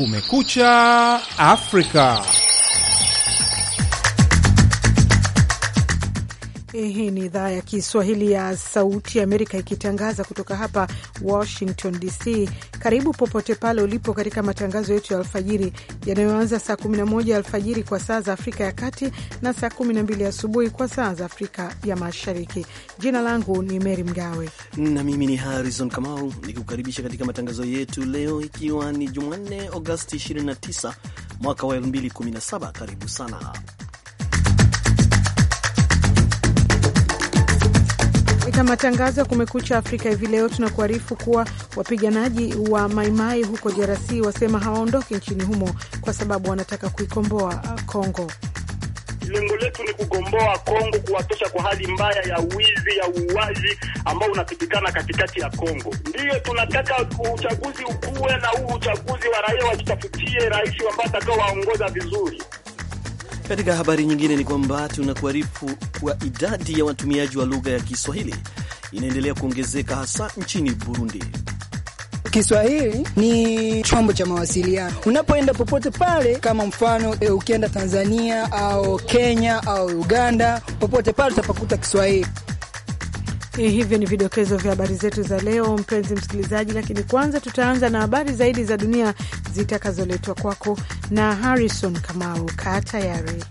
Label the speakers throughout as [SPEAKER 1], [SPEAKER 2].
[SPEAKER 1] Kumekucha Afrika.
[SPEAKER 2] Eh, hii ni idhaa ya Kiswahili ya Sauti ya Amerika ikitangaza kutoka hapa Washington DC. Karibu popote pale ulipo katika matangazo yetu ya alfajiri yanayoanza saa 11 alfajiri kwa saa za Afrika ya Kati na saa 12 asubuhi kwa saa za Afrika ya Mashariki. Jina langu ni Meri Mgawe
[SPEAKER 3] na mimi ni Harrison Kamau nikukaribisha katika matangazo yetu leo, ikiwa ni Jumanne Agosti 29 mwaka wa 2017. Karibu sana
[SPEAKER 2] Katika matangazo ya Kumekucha Afrika hivi leo tunakuarifu kuwa wapiganaji wa Maimai huko DRC wasema hawaondoki nchini humo kwa sababu wanataka kuikomboa Kongo.
[SPEAKER 4] Lengo letu ni kugomboa Kongo, kuwatosha kwa hali mbaya ya wizi ya uuaji ambao unapitikana katikati ya Kongo. Ndiyo tunataka uchaguzi ukuwe, na huu uchaguzi wa raia wajitafutie rais ambao
[SPEAKER 3] atakaowaongoza waongoza vizuri. Katika habari nyingine ni kwamba tunakuarifu kwa idadi ya watumiaji wa lugha ya Kiswahili inaendelea kuongezeka hasa nchini Burundi.
[SPEAKER 5] Kiswahili ni chombo cha mawasiliano unapoenda popote pale,
[SPEAKER 2] kama mfano e, ukienda Tanzania au Kenya au Uganda, popote pale utapakuta Kiswahili. Hivyo ni vidokezo vya habari zetu za leo, mpenzi msikilizaji, lakini kwanza tutaanza na habari zaidi za dunia zitakazoletwa kwako na Harrison Kamau. Kaa tayari.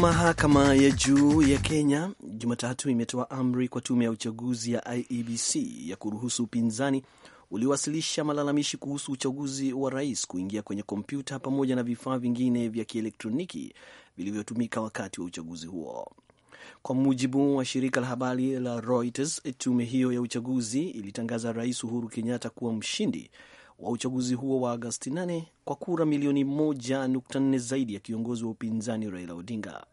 [SPEAKER 3] Mahakama ya juu ya Kenya Jumatatu imetoa amri kwa tume ya uchaguzi ya IEBC ya kuruhusu upinzani uliwasilisha malalamishi kuhusu uchaguzi wa rais kuingia kwenye kompyuta pamoja na vifaa vingine vya kielektroniki vilivyotumika wakati wa uchaguzi huo. Kwa mujibu wa shirika la habari la Reuters, tume hiyo ya uchaguzi ilitangaza Rais Uhuru Kenyatta kuwa mshindi wa uchaguzi huo wa Agosti 8 kwa kura milioni 1.4 zaidi ya kiongozi wa upinzani Raila Odinga.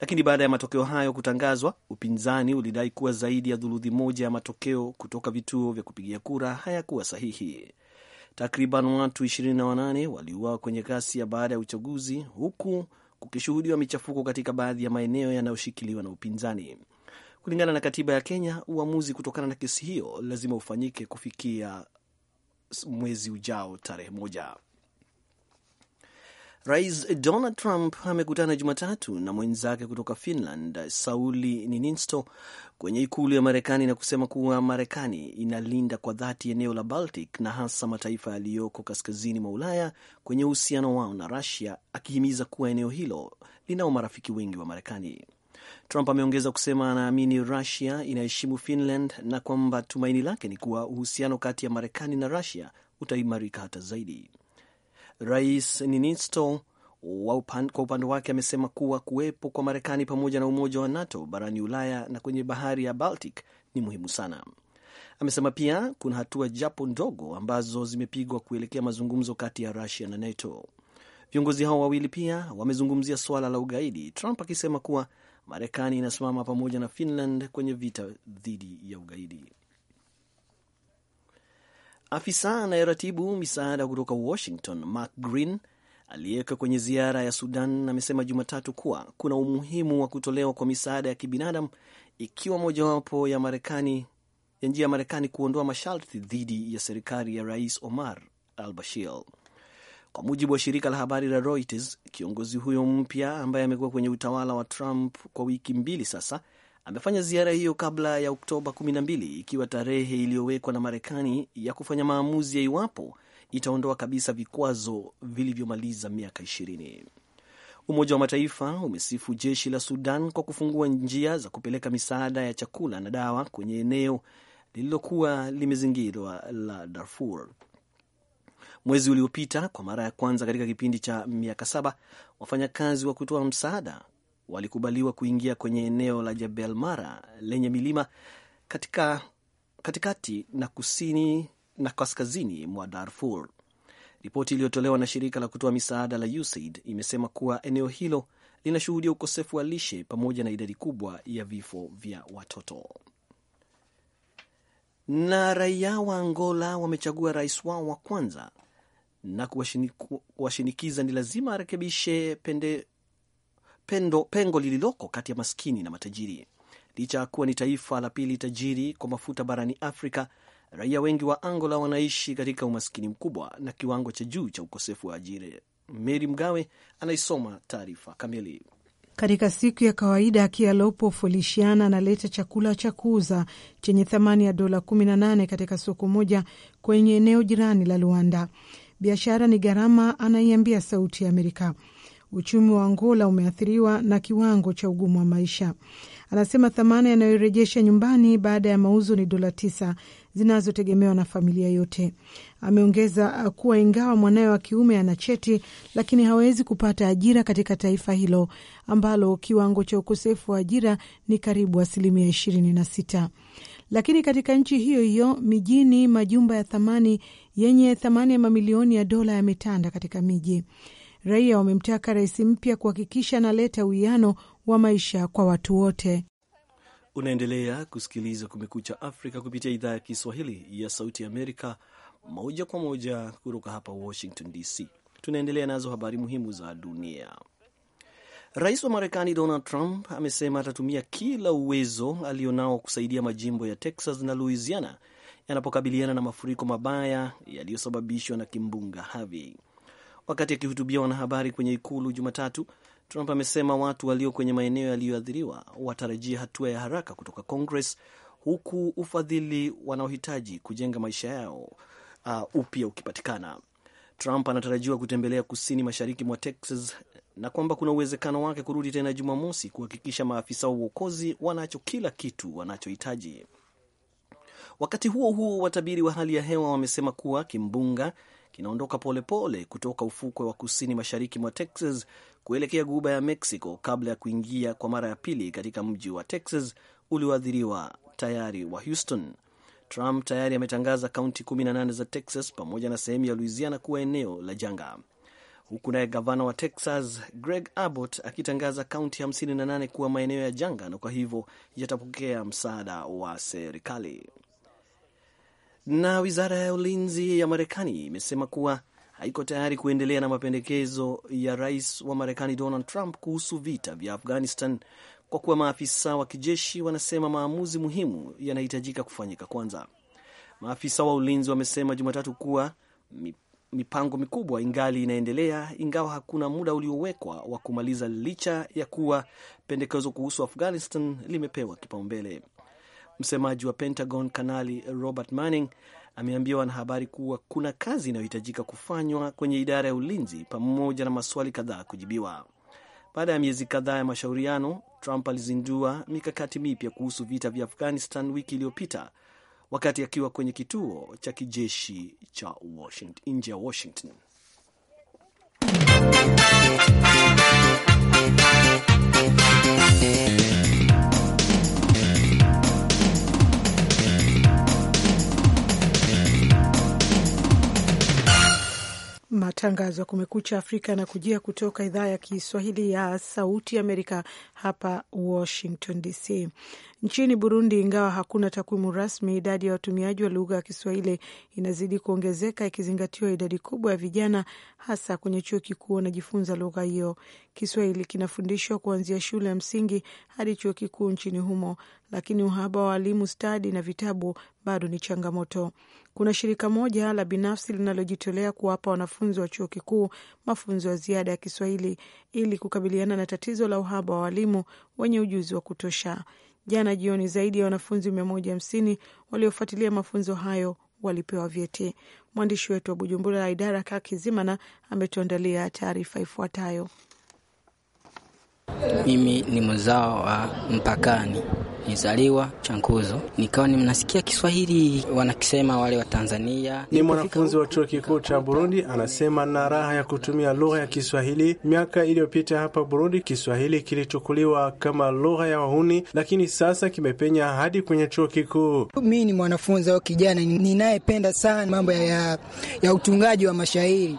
[SPEAKER 3] Lakini baada ya matokeo hayo kutangazwa, upinzani ulidai kuwa zaidi ya dhuluthi moja ya matokeo kutoka vituo vya kupigia kura hayakuwa sahihi. Takriban watu 28 waliuawa kwenye ghasia baada ya uchaguzi, huku kukishuhudiwa michafuko katika baadhi ya maeneo yanayoshikiliwa na upinzani. Kulingana na katiba ya Kenya, uamuzi kutokana na kesi hiyo lazima ufanyike kufikia mwezi ujao tarehe moja. Rais Donald Trump amekutana Jumatatu na mwenzake kutoka Finland, Sauli Niinisto, kwenye ikulu ya Marekani na kusema kuwa Marekani inalinda kwa dhati eneo la Baltic na hasa mataifa yaliyoko kaskazini mwa Ulaya kwenye uhusiano wao na Rusia, akihimiza kuwa eneo hilo linao marafiki wengi wa Marekani. Trump ameongeza kusema anaamini Rusia inaheshimu Finland na kwamba tumaini lake ni kuwa uhusiano kati ya Marekani na Rusia utaimarika hata zaidi. Rais Ninisto upan, kwa upande wake amesema kuwa kuwepo kwa Marekani pamoja na Umoja wa NATO barani Ulaya na kwenye bahari ya Baltic ni muhimu sana. Amesema pia kuna hatua japo ndogo ambazo zimepigwa kuelekea mazungumzo kati ya Rusia na NATO. Viongozi hao wawili pia wamezungumzia suala la ugaidi, Trump akisema kuwa Marekani inasimama pamoja na Finland kwenye vita dhidi ya ugaidi. Afisa anayeratibu misaada kutoka Washington, Mark Green, aliyeweka kwenye ziara ya Sudan, amesema Jumatatu kuwa kuna umuhimu wa kutolewa kwa misaada ya kibinadamu ikiwa mojawapo ya Marekani ya njia ya Marekani kuondoa masharti dhidi ya serikali ya Rais Omar al Bashir. Kwa mujibu wa shirika la habari la Reuters, kiongozi huyo mpya ambaye amekuwa kwenye utawala wa Trump kwa wiki mbili sasa amefanya ziara hiyo kabla ya Oktoba 12 ikiwa tarehe iliyowekwa na Marekani ya kufanya maamuzi ya iwapo itaondoa kabisa vikwazo vilivyomaliza miaka ishirini Umoja wa Mataifa umesifu jeshi la Sudan kwa kufungua njia za kupeleka misaada ya chakula na dawa kwenye eneo lililokuwa limezingirwa la Darfur. Mwezi uliopita, kwa mara ya kwanza katika kipindi cha miaka saba, wafanyakazi wa kutoa msaada walikubaliwa kuingia kwenye eneo la Jebel Mara lenye milima katika, katikati na kusini na kaskazini mwa Darfur. Ripoti iliyotolewa na shirika la kutoa misaada la USAID imesema kuwa eneo hilo linashuhudia ukosefu wa lishe pamoja na idadi kubwa ya vifo vya watoto. Na raia wa Angola wamechagua rais wao wa kwanza na kuwashinikiza ni lazima arekebishe pende, pendo, pengo lililoko kati ya maskini na matajiri. Licha ya kuwa ni taifa la pili tajiri kwa mafuta barani Afrika, raia wengi wa Angola wanaishi katika umaskini mkubwa na kiwango cha juu cha ukosefu wa ajira. Meri Mgawe anaisoma taarifa kamili.
[SPEAKER 2] Katika siku ya kawaida Kialopo Feliciana analeta chakula cha kuuza chenye thamani ya dola 18 katika soko moja kwenye eneo jirani la Luanda. Biashara ni gharama, anaiambia Sauti ya Amerika uchumi wa Angola umeathiriwa na kiwango cha ugumu wa maisha. Anasema thamani yanayorejesha nyumbani baada ya mauzo ni dola tisa zinazotegemewa na familia yote. Ameongeza kuwa ingawa mwanawe wa kiume ana cheti, lakini hawezi kupata ajira katika taifa hilo ambalo kiwango cha ukosefu wa ajira ni karibu asilimia ishirini na sita. Lakini katika nchi hiyo hiyo mijini, majumba ya thamani yenye thamani ya mamilioni ya dola yametanda katika miji. Raia wamemtaka rais mpya kuhakikisha analeta uwiano wa maisha kwa watu wote.
[SPEAKER 3] Unaendelea kusikiliza Kumekucha Afrika kupitia idhaa ya Kiswahili ya Sauti Amerika, moja kwa moja kutoka hapa Washington DC. Tunaendelea nazo habari muhimu za dunia. Rais wa Marekani Donald Trump amesema atatumia kila uwezo alionao kusaidia majimbo ya Texas na Louisiana yanapokabiliana na mafuriko mabaya yaliyosababishwa na kimbunga Harvey. Wakati akihutubia wanahabari kwenye ikulu Jumatatu, Trump amesema watu walio kwenye maeneo yaliyoathiriwa watarajia hatua ya haraka kutoka Congress, huku ufadhili wanaohitaji kujenga maisha yao uh, upya ukipatikana. Trump anatarajiwa kutembelea kusini mashariki mwa Texas na kwamba kuna uwezekano wake kurudi tena Jumamosi kuhakikisha maafisa wa uokozi wanacho kila kitu wanachohitaji. Wakati huo huo, watabiri wa hali ya hewa wamesema kuwa kimbunga kinaondoka polepole kutoka ufukwe wa kusini mashariki mwa Texas kuelekea guba ya Mexico kabla ya kuingia kwa mara ya pili katika mji wa Texas ulioathiriwa tayari wa Houston. Trump tayari ametangaza kaunti 18 za Texas pamoja na sehemu ya Louisiana kuwa eneo la janga, huku naye gavana wa Texas Greg Abbott akitangaza kaunti 58 kuwa maeneo ya janga na kwa hivyo yatapokea msaada wa serikali. Na wizara ya ulinzi ya Marekani imesema kuwa haiko tayari kuendelea na mapendekezo ya rais wa Marekani Donald Trump kuhusu vita vya Afghanistan kwa kuwa maafisa wa kijeshi wanasema maamuzi muhimu yanahitajika kufanyika kwanza. Maafisa wa ulinzi wamesema Jumatatu kuwa mipango mikubwa ingali inaendelea ingawa hakuna muda uliowekwa wa kumaliza, licha ya kuwa pendekezo kuhusu Afghanistan limepewa kipaumbele. Msemaji wa Pentagon Kanali Robert Manning ameambia wanahabari kuwa kuna kazi inayohitajika kufanywa kwenye idara ya ulinzi pamoja na maswali kadhaa kujibiwa. Baada ya miezi kadhaa ya mashauriano, Trump alizindua mikakati mipya kuhusu vita vya Afghanistan wiki iliyopita wakati akiwa kwenye kituo cha kijeshi cha nje ya Washington.
[SPEAKER 2] Matangazo ya Kumekucha Afrika na kujia kutoka idhaa ya Kiswahili ya Sauti Amerika hapa Washington DC. Nchini Burundi, ingawa hakuna takwimu rasmi, idadi ya watumiaji wa lugha ya Kiswahili inazidi kuongezeka ikizingatiwa idadi kubwa ya vijana, hasa kwenye chuo kikuu wanajifunza lugha hiyo. Kiswahili kinafundishwa kuanzia shule ya msingi hadi chuo kikuu nchini humo, lakini uhaba wa walimu stadi na vitabu bado ni changamoto kuna shirika moja la binafsi linalojitolea kuwapa wanafunzi wa chuo kikuu mafunzo ya ziada ya Kiswahili ili kukabiliana na tatizo la uhaba wa walimu wenye ujuzi wa kutosha. Jana jioni, zaidi ya wanafunzi mia moja hamsini waliofuatilia mafunzo hayo walipewa vyeti. Mwandishi wetu wa Bujumbura la idara Kakizimana ametuandalia taarifa ifuatayo.
[SPEAKER 5] Mimi ni mzao wa mpakani nizaliwa Chankuzo, nikawa nimnasikia Kiswahili wanakisema wale wa Tanzania. Ni
[SPEAKER 1] mwanafunzi wa chuo kikuu cha Burundi, anasema na raha ya kutumia lugha ya Kiswahili. Miaka iliyopita hapa Burundi Kiswahili kilichukuliwa kama lugha ya wahuni, lakini sasa kimepenya hadi kwenye chuo kikuu.
[SPEAKER 5] Mi ni mwanafunzi au kijana ninayependa sana mambo ya, ya utungaji wa mashairi.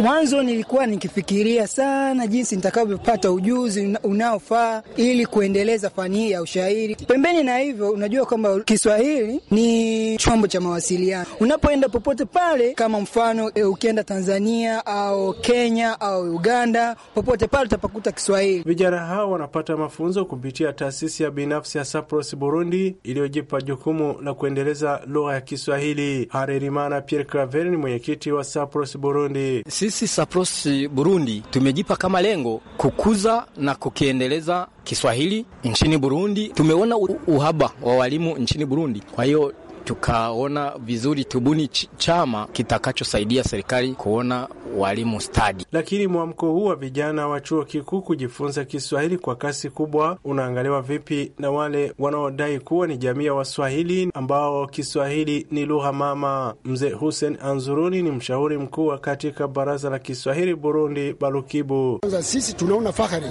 [SPEAKER 5] Mwanzo nilikuwa nikifikiria sana jinsi nitakavyopata ujuzi unaofaa ili kuendeleza fani hii ya ushairi. Pembeni na hivyo, unajua kwamba Kiswahili ni chombo cha mawasiliano. Unapoenda popote pale, kama mfano e, ukienda Tanzania au Kenya au Uganda,
[SPEAKER 1] popote pale utapakuta Kiswahili. Vijana hao wanapata mafunzo kupitia taasisi ya binafsi ya Sapros Burundi iliyojipa jukumu la kuendeleza lugha ya Kiswahili. Harerimana Pierre Claver ni mwenyekiti wa Sapros Burundi. Sisi Sapros Burundi tumejipa kama lengo kukuza na kukiendeleza Kiswahili
[SPEAKER 5] nchini Burundi. Tumeona uhaba wa walimu nchini Burundi. Kwa hiyo tukaona vizuri tubuni chama kitakachosaidia serikali kuona walimu
[SPEAKER 1] stadi. Lakini mwamko huu wa vijana wa chuo kikuu kujifunza Kiswahili kwa kasi kubwa unaangaliwa vipi na wale wanaodai kuwa ni jamii ya Waswahili ambao Kiswahili ni lugha mama? Mzee Hussein Anzuruni ni mshauri mkuu wa katika baraza la Kiswahili Burundi Balukibu. Kwanza sisi tunaona fahari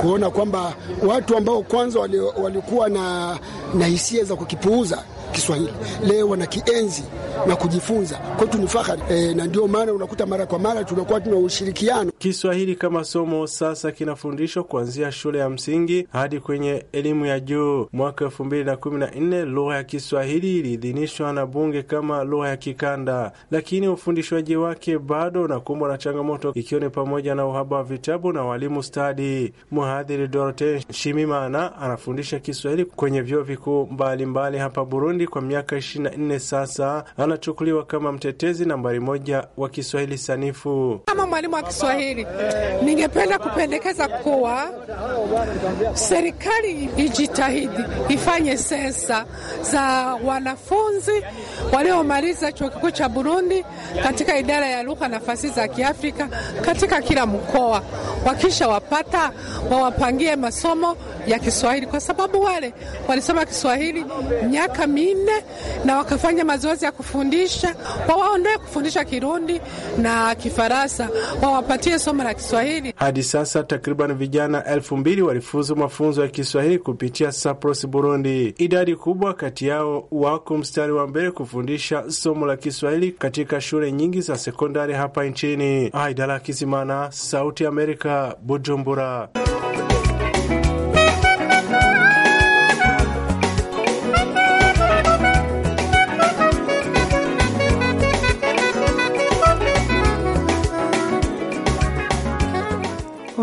[SPEAKER 1] kuona kwamba watu ambao kwanza walikuwa na, na hisia za kukipuuza Kiswahili leo wanakienzi na kujifunza kwetu, ni fahari e, na ndio maana unakuta mara kwa mara tunakuwa tuna ushirikiano. Kiswahili kama somo sasa kinafundishwa kuanzia shule ya msingi hadi kwenye elimu ya juu. Mwaka elfu mbili na kumi na nne lugha ya Kiswahili iliidhinishwa na bunge kama lugha ya kikanda, lakini ufundishwaji wake bado unakumbwa na changamoto, ikiwa ni pamoja na uhaba wa vitabu na walimu stadi. Mhadhiri Dorote Shimimana anafundisha Kiswahili kwenye vyuo vikuu mbalimbali hapa Burundi Burundi kwa miaka 24 sasa, anachukuliwa kama mtetezi nambari moja wa Kiswahili sanifu.
[SPEAKER 2] Kama mwalimu wa Kiswahili, ningependa kupendekeza kuwa serikali ijitahidi ifanye sensa za wanafunzi waliomaliza chuo kikuu cha Burundi katika idara ya lugha na fasihi za Kiafrika katika kila mkoa. Wakisha wapata wawapangie masomo ya Kiswahili, kwa sababu wale walisoma Kiswahili miaka mingi minne na wakafanya mazoezi ya kufundisha, wawaondoe kufundisha Kirundi na Kifaransa, wawapatie somo la Kiswahili.
[SPEAKER 1] Hadi sasa takriban vijana elfu mbili walifuzu mafunzo ya Kiswahili kupitia SAPROS Burundi. Idadi kubwa kati yao wako mstari wa mbele kufundisha somo la Kiswahili katika shule nyingi za sekondari hapa nchini. Aidala Kizimana, Sauti ya Amerika, Bujumbura.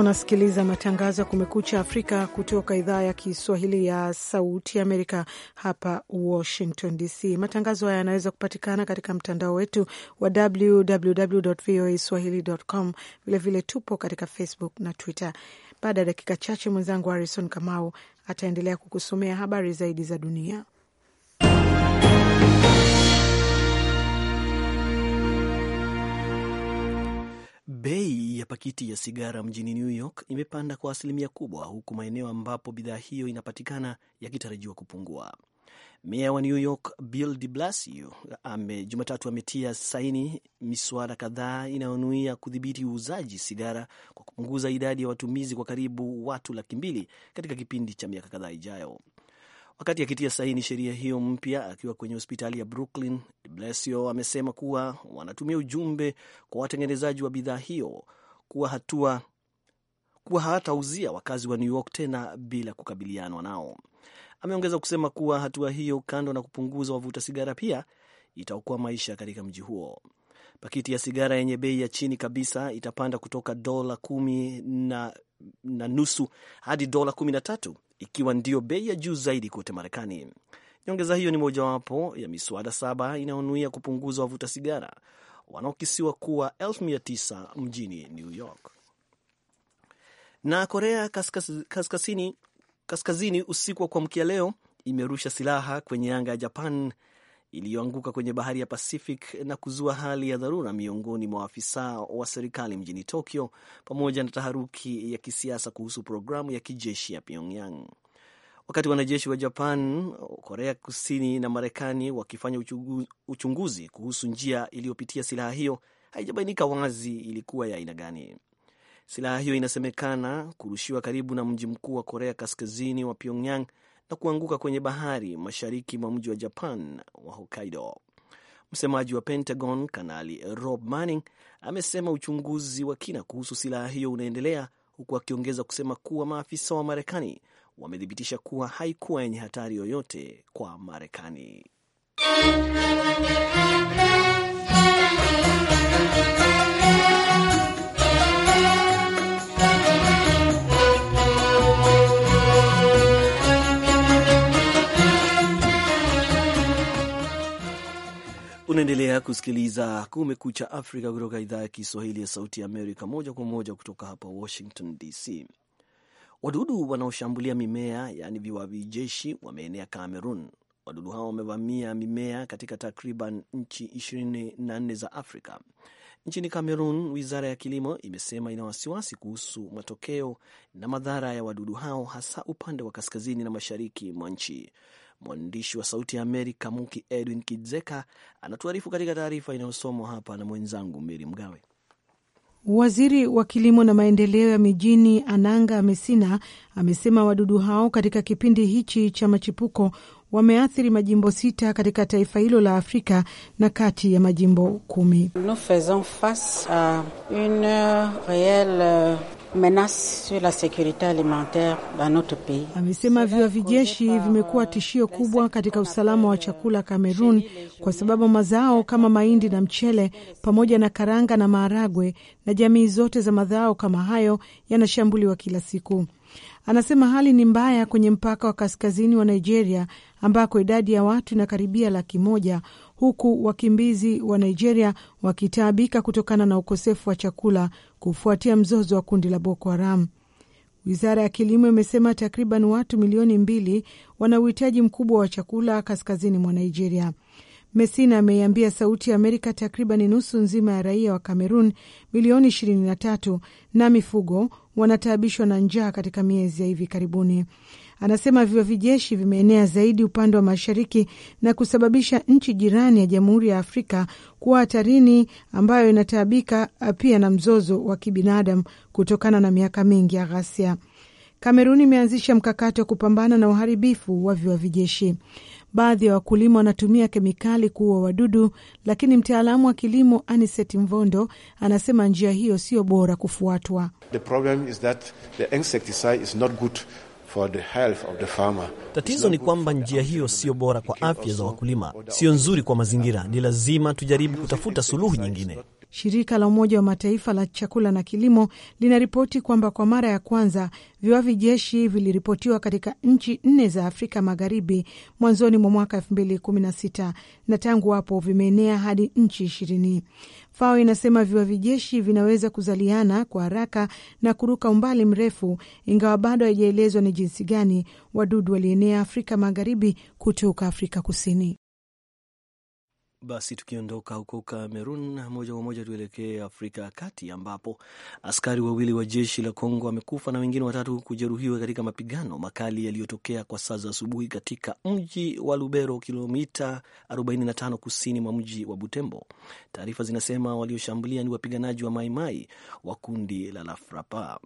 [SPEAKER 2] Unasikiliza matangazo ya Kumekucha Afrika kutoka idhaa ya Kiswahili ya Sauti Amerika hapa Washington DC. Matangazo haya yanaweza kupatikana katika mtandao wetu wa www voa www.voaswahili.com. Vilevile tupo katika Facebook na Twitter. Baada ya dakika chache, mwenzangu Harrison Kamau ataendelea kukusomea habari zaidi za dunia.
[SPEAKER 3] Bei ya pakiti ya sigara mjini New York imepanda kwa asilimia kubwa, huku maeneo ambapo bidhaa hiyo inapatikana yakitarajiwa kupungua. Meya wa New York Bill de Blasio ame Jumatatu ametia saini miswada kadhaa inayonuia kudhibiti uuzaji sigara kwa kupunguza idadi ya watumizi kwa karibu watu laki mbili katika kipindi cha miaka kadhaa ijayo. Wakati akitia saini sheria hiyo mpya akiwa kwenye hospitali ya Brooklyn, de Blasio amesema kuwa wanatumia ujumbe kwa watengenezaji wa bidhaa hiyo kuwa hatua kuwa hawatauzia wakazi wa New York tena bila kukabilianwa nao. Ameongeza kusema kuwa hatua hiyo, kando na kupunguza wavuta sigara, pia itaokoa maisha katika mji huo. Pakiti ya sigara yenye bei ya chini kabisa itapanda kutoka dola kumi na, na nusu hadi dola kumi na tatu ikiwa ndiyo bei ya juu zaidi kote Marekani. Nyongeza hiyo ni mojawapo ya miswada saba inayonuia kupunguza wavuta sigara wanaokisiwa kuwa elfu mia tisa mjini New York. Na Korea kaskazini, kaskazini usiku wa kuamkia leo imerusha silaha kwenye anga ya Japan iliyoanguka kwenye bahari ya Pacific na kuzua hali ya dharura miongoni mwa afisa wa serikali mjini Tokyo, pamoja na taharuki ya kisiasa kuhusu programu ya kijeshi ya Pyongyang. Wakati wanajeshi wa Japan, Korea Kusini na Marekani wakifanya uchunguzi kuhusu njia iliyopitia silaha hiyo, haijabainika wazi ilikuwa ya aina gani. Silaha hiyo inasemekana kurushiwa karibu na mji mkuu wa Korea Kaskazini wa Pyongyang na kuanguka kwenye bahari mashariki mwa mji wa Japan wa Hokkaido. Msemaji wa Pentagon Kanali Rob Manning amesema uchunguzi wa kina kuhusu silaha hiyo unaendelea, huku akiongeza kusema kuwa maafisa wa Marekani wamethibitisha kuwa haikuwa yenye hatari yoyote kwa Marekani. Unaendelea kusikiliza Kumekucha Afrika kutoka idhaa ya Kiswahili ya Sauti ya Amerika, moja kwa moja kutoka hapa Washington DC. Wadudu wanaoshambulia mimea yaani viwavi jeshi wameenea Cameroon. Wadudu hao wamevamia mimea katika takriban nchi 24 za Afrika. Nchini Cameroon, wizara ya kilimo imesema ina wasiwasi kuhusu matokeo na madhara ya wadudu hao, hasa upande wa kaskazini na mashariki mwa nchi. Mwandishi wa Sauti ya Amerika Muki Edwin Kidzeka anatuarifu katika taarifa inayosomwa hapa na mwenzangu Meri Mgawe.
[SPEAKER 2] Waziri wa kilimo na maendeleo ya mijini Ananga Mesina amesema wadudu hao katika kipindi hichi cha machipuko wameathiri majimbo sita katika taifa hilo la Afrika na kati ya majimbo kumi. Nous faisons face a une Amesema viwa vijeshi vimekuwa tishio kubwa katika usalama wa chakula Kamerun, kwa sababu mazao kama mahindi na mchele pamoja na karanga na maharagwe na jamii zote za mazao kama hayo yanashambuliwa kila siku. Anasema hali ni mbaya kwenye mpaka wa kaskazini wa Nigeria ambako idadi ya watu inakaribia laki moja huku wakimbizi wa Nigeria wakitaabika kutokana na ukosefu wa chakula kufuatia mzozo wa kundi la Boko Haram. Wizara ya kilimo imesema takriban watu milioni mbili wana uhitaji mkubwa wa chakula kaskazini mwa Nigeria. Messina ameiambia Sauti ya Amerika takriban nusu nzima ya raia wa Kamerun milioni 23 na mifugo wanataabishwa na njaa katika miezi ya hivi karibuni. Anasema vio vijeshi vimeenea zaidi upande wa mashariki na kusababisha nchi jirani ya Jamhuri ya Afrika kuwa hatarini, ambayo inataabika uh, pia na mzozo wa kibinadamu kutokana na miaka mingi ya ghasia. Kameruni imeanzisha mkakati wa kupambana na uharibifu wa viwa vijeshi. Baadhi ya wa wakulima wanatumia kemikali kuua wadudu, lakini mtaalamu wa kilimo Aniset Mvondo anasema njia hiyo sio bora
[SPEAKER 3] kufuatwa.
[SPEAKER 1] For the health of the farmer.
[SPEAKER 3] Tatizo ni kwamba njia hiyo sio bora kwa afya za wakulima, sio nzuri kwa mazingira. Ni lazima tujaribu kutafuta suluhu nyingine.
[SPEAKER 2] Shirika la Umoja wa Mataifa la chakula na kilimo linaripoti kwamba kwa mara ya kwanza viwavi jeshi viliripotiwa katika nchi nne za Afrika Magharibi mwanzoni mwa mwaka 2016 na tangu hapo vimeenea hadi nchi ishirini. FAO inasema viwavi jeshi vinaweza kuzaliana kwa haraka na kuruka umbali mrefu, ingawa bado haijaelezwa ni jinsi gani wadudu walienea Afrika Magharibi kutoka Afrika Kusini.
[SPEAKER 3] Basi tukiondoka huko Kamerun, moja kwa moja tuelekee Afrika ya Kati, ambapo askari wawili wa jeshi la Kongo wamekufa na wengine watatu kujeruhiwa katika mapigano makali yaliyotokea kwa saa za asubuhi katika mji wa Lubero, kilomita 45 kusini mwa mji wa Butembo. Taarifa zinasema walioshambulia ni wapiganaji wa Maimai wa kundi la Lafrapa.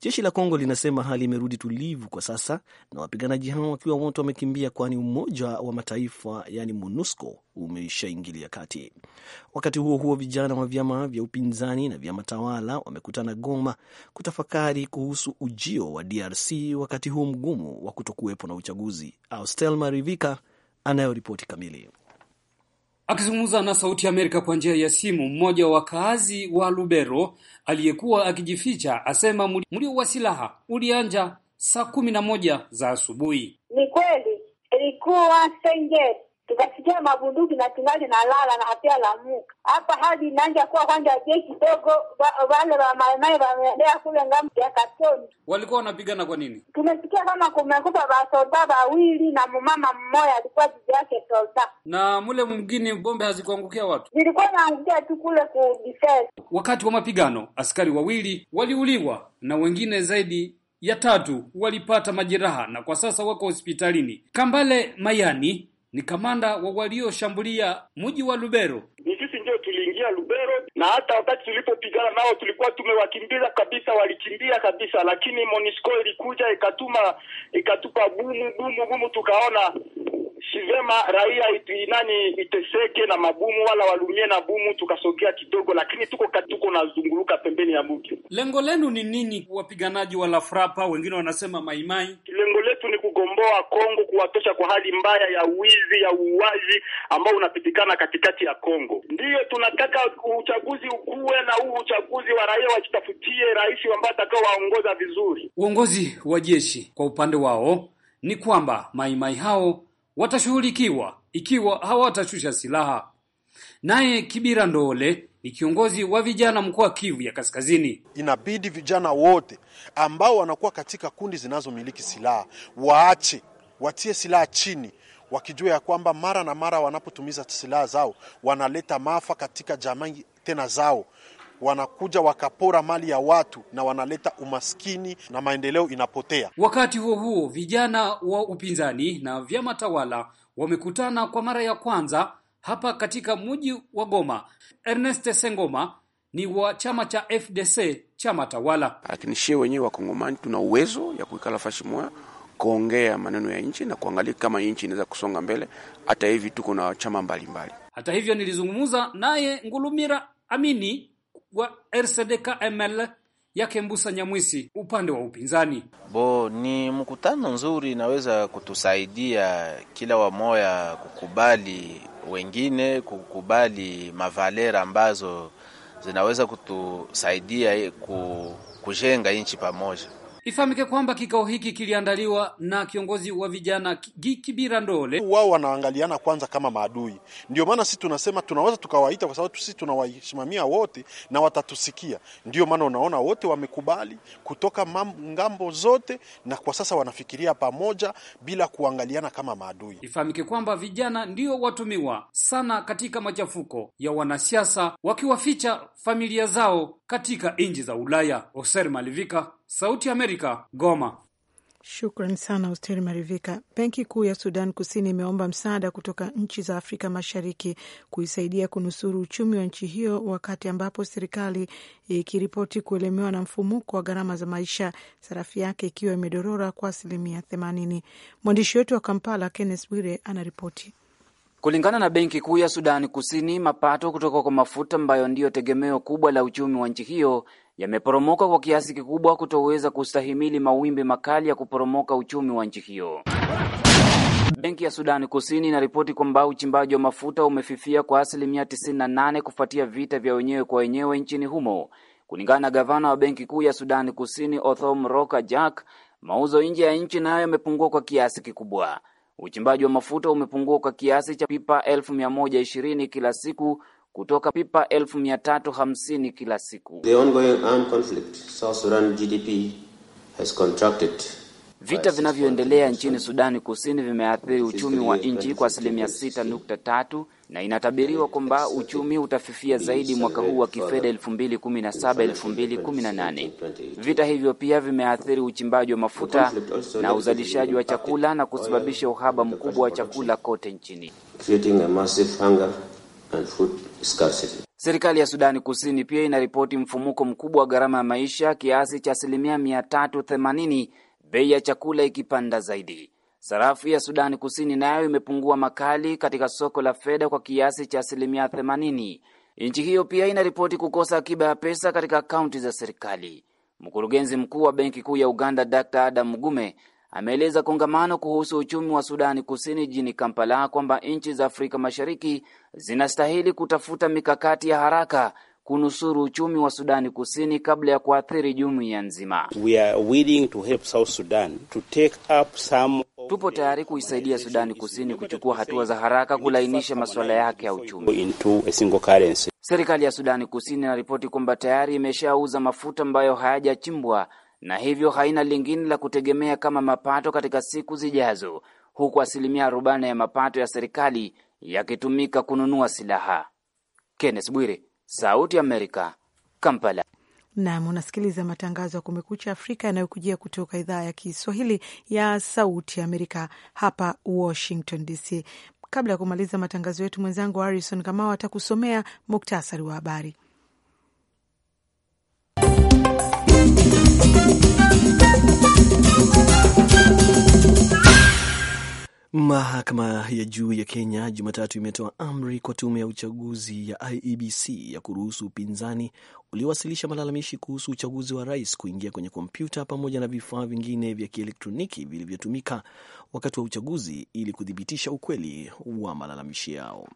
[SPEAKER 3] Jeshi la Kongo linasema hali imerudi tulivu kwa sasa, na wapiganaji hao wakiwa wote wamekimbia, kwani Umoja wa Mataifa yani MONUSCO umeshaingilia kati. Wakati huo huo, vijana wa vyama vya upinzani na vyama tawala wamekutana Goma kutafakari kuhusu ujio wa DRC wakati huu mgumu wa kutokuwepo na uchaguzi. Austel Marivika anayoripoti kamili. Akizungumza
[SPEAKER 4] na Sauti ya Amerika kwa njia ya simu, mmoja wa wakaazi wa Lubero aliyekuwa akijificha asema mlio wa silaha ulianja saa kumi na moja za asubuhi. Ni kweli ilikuwa sengeti tukasikia mabunduki na tungali na lala na la muka hapa hadi nanja kuwa kwanja je kidogo wale wa maimai wameendea kule ngamu ya katoni walikuwa wanapigana kwa nini? Tumesikia kama kumekufa wasolda wawili na mumama mmoja alikuwa bibi yake solda. Na mule mwingine bombe hazikuangukia watu, zilikuwa naangukia tu kule ku defense. Wakati wa mapigano askari wawili waliuliwa na wengine zaidi ya tatu walipata majeraha na kwa sasa wako hospitalini. Kambale Mayani ni kamanda wa walioshambulia mji wa Lubero. Ni sisi ndio tuliingia Lubero, na hata wakati tulipopigana nao tulikuwa tumewakimbiza kabisa, walikimbia kabisa, lakini Monisco ilikuja ikatuma ikatupa bumu bumu bumu, tukaona si vema raia iti, nani iteseke na mabumu wala walumie na bumu, tukasogea kidogo, lakini tuko katuko na zunguluka pembeni ya mji. Lengo lenu ni nini, wapiganaji wa Lafrapa? Wengine wanasema maimai. Lengo kugomboa Kongo, kuwatosha kwa hali mbaya ya wizi ya uuaji ambao unapitikana katikati ya Kongo. Ndiyo tunataka uchaguzi ukuwe na huu uchaguzi wa raia wajitafutie rais ambaye atakaowaongoza vizuri. Uongozi wa jeshi kwa upande wao ni kwamba maimai hao watashughulikiwa ikiwa hawatashusha silaha. Naye Kibira Ndole ni kiongozi wa vijana mkoa wa Kivu ya Kaskazini. Inabidi
[SPEAKER 1] vijana wote ambao wanakuwa katika kundi zinazomiliki silaha waache, watie silaha chini, wakijua ya kwamba mara na mara wanapotumiza silaha zao wanaleta maafa katika jamii tena zao wanakuja wakapora mali ya watu na wanaleta umaskini na maendeleo inapotea.
[SPEAKER 4] Wakati huo huo, vijana wa upinzani na vyama tawala wamekutana kwa mara ya kwanza hapa katika mji wa Goma. Ernest Sengoma ni wa chama cha FDC, chama
[SPEAKER 1] tawala. Lakini shie wenyewe wakongomani tuna uwezo ya kuikala fashi moya kuongea maneno ya nchi na kuangalia kama nchi inaweza kusonga mbele. Hata hivi tuko na chama mbalimbali mbali.
[SPEAKER 4] Hata hivyo nilizungumza naye Ngulumira Amini wa RCDK ML
[SPEAKER 1] yake Mbusa Nyamwisi upande wa upinzani. Bo, ni mkutano nzuri, inaweza kutusaidia kila wamoya kukubali wengine kukubali mavalera ambazo zinaweza kutusaidia eh, kujenga nchi pamoja.
[SPEAKER 4] Ifahamike kwamba kikao hiki kiliandaliwa na kiongozi wa
[SPEAKER 1] vijana Giki Birandole. Wao wanaangaliana kwanza kama maadui, ndio maana sisi tunasema tunaweza tukawaita, kwa sababu sisi tunawaheshimamia wote na watatusikia. Ndio maana unaona wote wamekubali kutoka ngambo zote, na kwa sasa wanafikiria pamoja bila kuangaliana kama maadui.
[SPEAKER 4] Ifahamike kwamba vijana ndio watumiwa sana katika machafuko ya wanasiasa, wakiwaficha familia zao katika nchi za Ulaya. Oser Malivika Sauti Amerika, Goma.
[SPEAKER 2] Shukran sana Austeri Marivika. Benki Kuu ya Sudan Kusini imeomba msaada kutoka nchi za Afrika Mashariki kuisaidia kunusuru uchumi wa nchi hiyo, wakati ambapo serikali ikiripoti kuelemewa na mfumuko wa gharama za maisha, sarafu yake ikiwa imedorora kwa asilimia themanini. Mwandishi wetu wa Kampala, Kennes Bwire, anaripoti.
[SPEAKER 5] Kulingana na Benki Kuu ya Sudani Kusini, mapato kutoka kwa mafuta ambayo ndiyo tegemeo kubwa la uchumi wa nchi hiyo yameporomoka kwa kiasi kikubwa kutoweza kustahimili mawimbi makali ya kuporomoka uchumi wa nchi hiyo. Benki ya Sudani Kusini inaripoti kwamba uchimbaji wa mafuta umefifia kwa asilimia 98 kufuatia vita vya wenyewe kwa wenyewe nchini humo. Kulingana na gavana wa Benki Kuu ya Sudani Kusini Othom Roka Jack, mauzo nje ya nchi nayo yamepungua kwa kiasi kikubwa. Uchimbaji wa mafuta umepungua kwa kiasi cha pipa elfu kila siku kutoka pipa elfu mia tatu hamsini kila siku. The ongoing armed conflict, South Sudan GDP has contracted. Vita vinavyoendelea nchini Sudani Kusini vimeathiri uchumi wa nchi kwa asilimia 6.3 na inatabiriwa kwamba uchumi utafifia zaidi mwaka huu wa kifedha 2017 2018. Vita hivyo pia vimeathiri uchimbaji wa mafuta na uzalishaji wa chakula na kusababisha uhaba mkubwa wa chakula kote nchini and food scarcity. Serikali ya Sudani Kusini pia inaripoti mfumuko mkubwa wa gharama ya maisha kiasi cha asilimia 380, bei ya chakula ikipanda zaidi. Sarafu ya Sudani Kusini nayo imepungua makali katika soko la fedha kwa kiasi cha asilimia 80. Nchi hiyo pia inaripoti kukosa akiba ya pesa katika akaunti za serikali. Mkurugenzi mkuu wa Benki Kuu ya Uganda Dr. Adam Mugume ameeleza kongamano kuhusu uchumi wa Sudani Kusini jijini Kampala kwamba nchi za Afrika Mashariki zinastahili kutafuta mikakati ya haraka kunusuru uchumi wa Sudani Kusini kabla ya kuathiri jumuiya nzima. Tupo tayari kuisaidia Sudani Kusini kuchukua hatua za haraka kulainisha masuala yake ya uchumi. Serikali ya Sudani Kusini inaripoti kwamba tayari imeshauza mafuta ambayo hayajachimbwa na hivyo haina lingine la kutegemea kama mapato katika siku zijazo, huku asilimia 40 ya mapato ya serikali yakitumika kununua silaha. Kenneth Bwire, Sauti ya Amerika, Kampala.
[SPEAKER 2] Nam, unasikiliza matangazo ya Kumekucha Afrika yanayokujia kutoka idhaa ya Kiswahili ya Sauti ya Amerika hapa Washington DC. Kabla ya kumaliza matangazo yetu, mwenzangu Harrison Kamau atakusomea muktasari wa habari.
[SPEAKER 3] Mahakama ya juu ya Kenya Jumatatu imetoa amri kwa tume ya uchaguzi ya IEBC ya kuruhusu upinzani uliowasilisha malalamishi kuhusu uchaguzi wa rais kuingia kwenye kompyuta pamoja na vifaa vingine vya kielektroniki vilivyotumika wakati wa uchaguzi ili kuthibitisha ukweli wa malalamishi yao.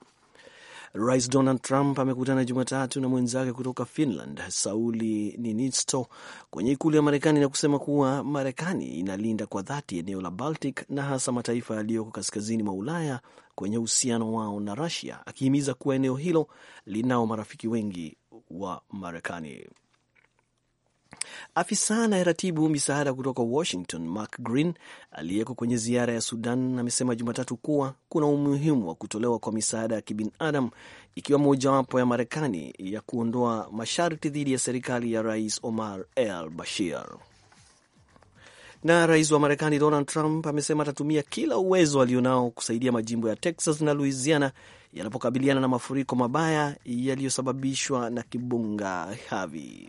[SPEAKER 3] Rais Donald Trump amekutana Jumatatu na mwenzake kutoka Finland, Sauli Niinisto, kwenye ikulu ya Marekani na kusema kuwa Marekani inalinda kwa dhati eneo la Baltic na hasa mataifa yaliyoko kaskazini mwa Ulaya kwenye uhusiano wao na Rusia, akihimiza kuwa eneo hilo linao marafiki wengi wa Marekani. Afisa anayeratibu misaada kutoka Washington, Mark Green, aliyeko kwenye ziara ya Sudan, amesema Jumatatu kuwa kuna umuhimu wa kutolewa kwa misaada ya kibinadamu, ikiwa mojawapo ya Marekani ya kuondoa masharti dhidi ya serikali ya Rais Omar al Bashir. Na rais wa Marekani Donald Trump amesema atatumia kila uwezo alionao kusaidia majimbo ya Texas na Louisiana yanapokabiliana na mafuriko mabaya yaliyosababishwa na kibunga Harvey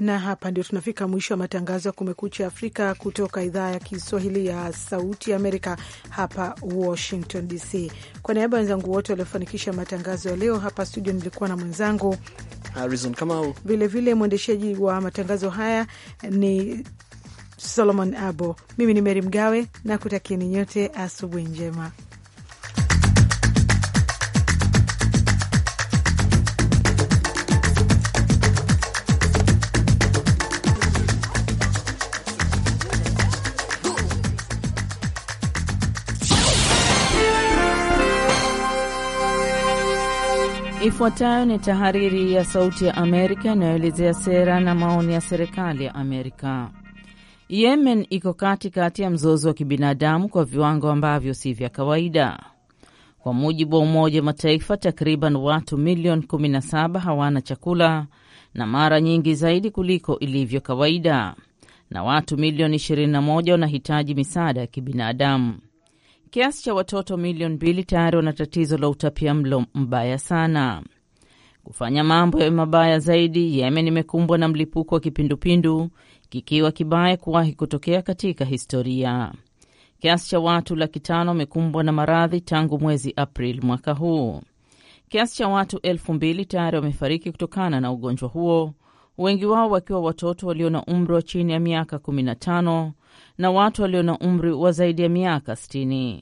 [SPEAKER 2] na hapa ndio tunafika mwisho wa matangazo ya Kumekucha Afrika kutoka idhaa ya Kiswahili ya Sauti Amerika hapa Washington DC. Kwa niaba ya wenzangu wote waliofanikisha matangazo ya leo hapa studio, nilikuwa na mwenzangu
[SPEAKER 3] Harrison Kamau,
[SPEAKER 2] vilevile mwendeshaji wa matangazo haya ni Solomon Abo. Mimi ni Meri Mgawe na kutakieni nyote asubuhi njema.
[SPEAKER 6] Ifuatayo ni tahariri ya Sauti ya Amerika inayoelezea sera na maoni ya serikali ya Amerika. Yemen iko katikati ya mzozo wa kibinadamu kwa viwango ambavyo si vya kawaida. Kwa mujibu wa Umoja wa Mataifa, takriban watu milioni 17 hawana chakula na mara nyingi zaidi kuliko ilivyo kawaida, na watu milioni 21 wanahitaji misaada ya kibinadamu kiasi cha watoto milioni mbili tayari wana tatizo la utapia mlo mbaya sana. Kufanya mambo yawe mabaya zaidi, Yemen imekumbwa na mlipuko wa kipindupindu kikiwa kibaya kuwahi kutokea katika historia. Kiasi cha watu laki tano wamekumbwa na maradhi tangu mwezi Aprili mwaka huu. Kiasi cha watu elfu mbili tayari wamefariki kutokana na ugonjwa huo wengi wao wakiwa watoto walio na umri wa chini ya miaka 15 na watu walio na umri wa zaidi ya miaka 60.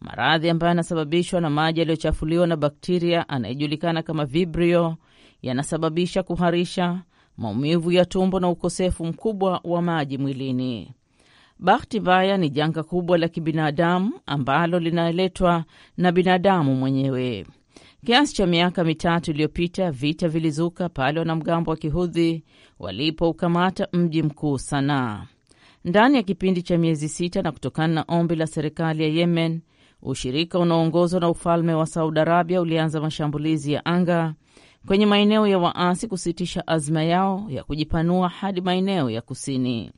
[SPEAKER 6] Maradhi ambayo yanasababishwa na maji yaliyochafuliwa na bakteria anayejulikana kama vibrio yanasababisha kuharisha, maumivu ya tumbo na ukosefu mkubwa wa maji mwilini. Bahati mbaya ni janga kubwa la kibinadamu ambalo linaletwa na binadamu mwenyewe. Kiasi cha miaka mitatu iliyopita, vita vilizuka pale wanamgambo wa kihudhi walipoukamata mji mkuu Sanaa. Ndani ya kipindi cha miezi sita na kutokana na ombi la serikali ya Yemen, ushirika unaoongozwa na ufalme wa Saudi Arabia ulianza mashambulizi ya anga kwenye maeneo ya waasi kusitisha azma yao ya kujipanua hadi maeneo ya kusini.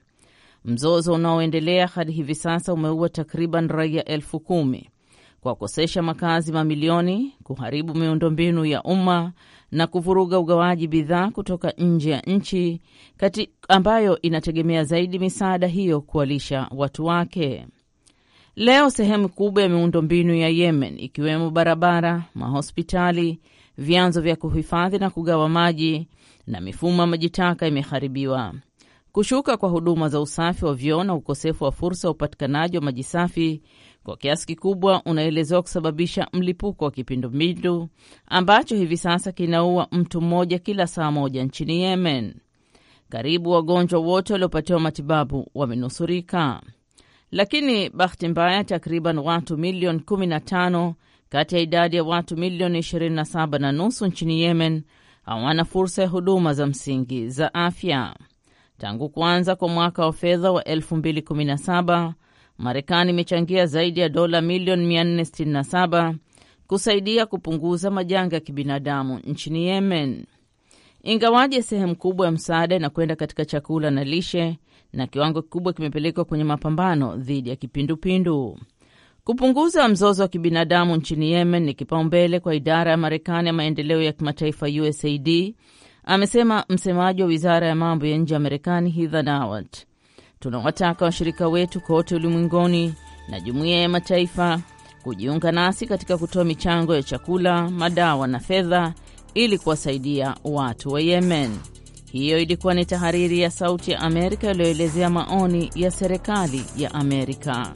[SPEAKER 6] Mzozo unaoendelea hadi hivi sasa umeua takriban raia elfu kumi kuwakosesha makazi mamilioni, kuharibu miundombinu ya umma na kuvuruga ugawaji bidhaa kutoka nje ya nchi kati ambayo inategemea zaidi misaada hiyo kuwalisha watu wake. Leo sehemu kubwa ya miundombinu ya Yemen ikiwemo barabara, mahospitali, vyanzo vya kuhifadhi na kugawa maji na mifumo ya maji taka imeharibiwa. Kushuka kwa huduma za usafi wa vyoo na ukosefu wa fursa ya upatikanaji wa maji safi kwa kiasi kikubwa unaelezewa kusababisha mlipuko wa kipindupindu ambacho hivi sasa kinaua mtu mmoja kila saa moja nchini Yemen. Karibu wagonjwa wote waliopatiwa matibabu wamenusurika, lakini bahati mbaya, takriban watu milioni 15 kati ya idadi ya watu milioni 27 na nusu nchini Yemen hawana fursa ya huduma za msingi za afya. Tangu kuanza kwa mwaka wa fedha wa 2017 Marekani imechangia zaidi ya dola milioni 467 kusaidia kupunguza majanga ya kibinadamu nchini Yemen. Ingawaje sehemu kubwa ya msaada inakwenda katika chakula na lishe, na kiwango kikubwa kimepelekwa kwenye mapambano dhidi ya kipindupindu. Kupunguza mzozo wa kibinadamu nchini Yemen ni kipaumbele kwa idara ya Marekani ya maendeleo ya kimataifa USAID, amesema msemaji wa wizara ya mambo ya nje ya Marekani Heather Nauert. Tunawataka washirika wetu kote ulimwenguni na jumuiya ya mataifa kujiunga nasi katika kutoa michango ya chakula, madawa na fedha ili kuwasaidia watu wa Yemen. Hiyo ilikuwa ni tahariri ya Sauti ya Amerika iliyoelezea maoni ya serikali ya Amerika.